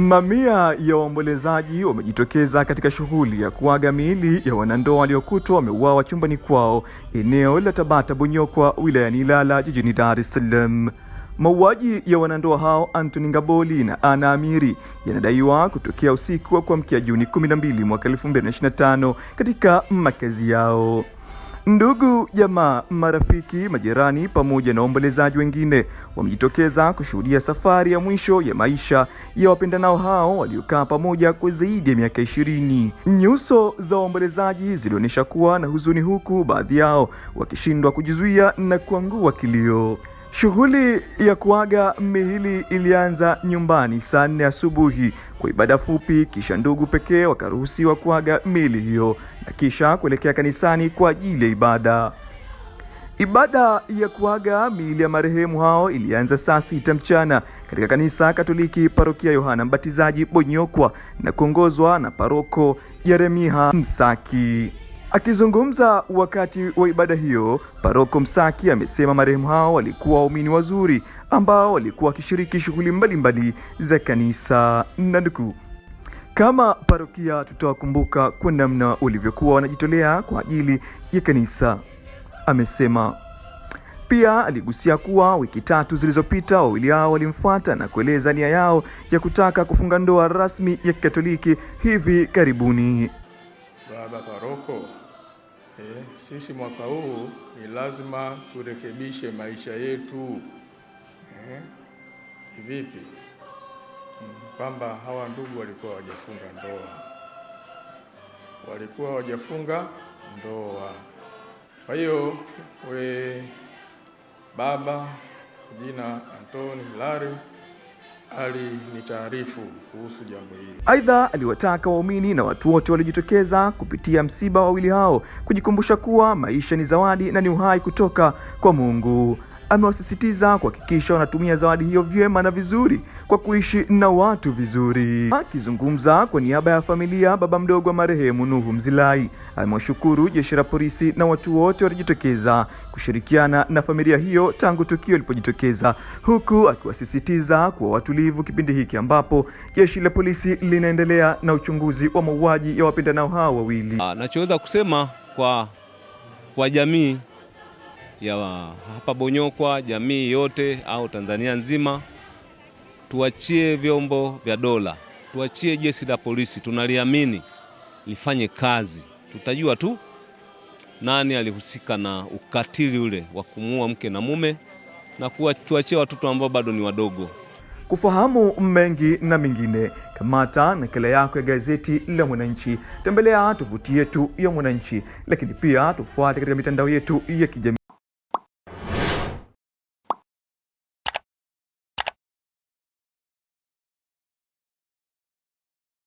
Mamia ya waombolezaji wamejitokeza katika shughuli ya kuaga miili ya wanandoa waliokutwa wameuawa chumbani kwao eneo la Tabata Bonyokwa wilayani Ilala jijini Dar es Salaam. Mauaji ya wanandoa hao Anthony Ngaboli na Anna Amiri yanadaiwa kutokea usiku wa kuamkia Juni 12 mwaka 2025 katika makazi yao. Ndugu jamaa, marafiki, majirani pamoja na waombolezaji wengine wamejitokeza kushuhudia safari ya mwisho ya maisha ya wapendanao hao waliokaa pamoja kwa zaidi ya miaka ishirini. Nyuso za waombolezaji zilionyesha kuwa na huzuni, huku baadhi yao wakishindwa kujizuia na kuangua kilio. Shughuli ya kuaga miili ilianza nyumbani saa nne asubuhi kwa ibada fupi, kisha ndugu pekee wakaruhusiwa kuaga miili hiyo na kisha kuelekea kanisani kwa ajili ya ibada. Ibada ya kuaga miili ya marehemu hao ilianza saa sita mchana katika kanisa Katoliki parokia Yohana Mbatizaji Bonyokwa na kuongozwa na paroko Yeremia Msaki. Akizungumza wakati wa ibada hiyo, Paroko Msaki amesema marehemu hao walikuwa waumini wazuri ambao walikuwa wakishiriki shughuli mbalimbali za kanisa na ndugu. Kama parokia tutawakumbuka kwa namna walivyokuwa wanajitolea kwa ajili ya kanisa, amesema. Pia aligusia kuwa wiki tatu zilizopita wawili hao walimfuata na kueleza nia yao ya kutaka kufunga ndoa rasmi ya Kikatoliki hivi karibuni. Baba Paroko eh, sisi mwaka huu ni lazima turekebishe maisha yetu eh, vipi? Hmm, kwamba hawa ndugu walikuwa hawajafunga ndoa, walikuwa hawajafunga ndoa. Kwa hiyo we baba jina Anthony Hilary alinitaarifu kuhusu jambo hili. Aidha, aliwataka waumini na watu wote waliojitokeza kupitia msiba wa wawili hao kujikumbusha kuwa maisha ni zawadi na ni uhai kutoka kwa Mungu amewasisitiza kuhakikisha wanatumia zawadi hiyo vyema na vizuri kwa kuishi na watu vizuri. Akizungumza kwa niaba ya familia, baba mdogo wa marehemu Nuhu Mzilai amewashukuru jeshi la polisi na watu wote walijitokeza kushirikiana na familia hiyo tangu tukio lilipojitokeza, huku akiwasisitiza kuwa watulivu kipindi hiki ambapo jeshi la polisi linaendelea na uchunguzi wa mauaji ya wapendanao hao wawili. Ah, nachoweza kusema kwa, kwa jamii ya hapa Bonyokwa, jamii yote au Tanzania nzima, tuachie vyombo vya dola, tuachie jeshi la polisi, tunaliamini lifanye kazi. Tutajua tu nani alihusika na ukatili ule wa kumuua mke na mume na kuwatuachia watoto ambao bado ni wadogo. Kufahamu mengi na mengine, kamata nakala yako ya gazeti la Mwananchi, tembelea tovuti yetu ya Mwananchi, lakini pia tufuate katika mitandao yetu ya kijamii.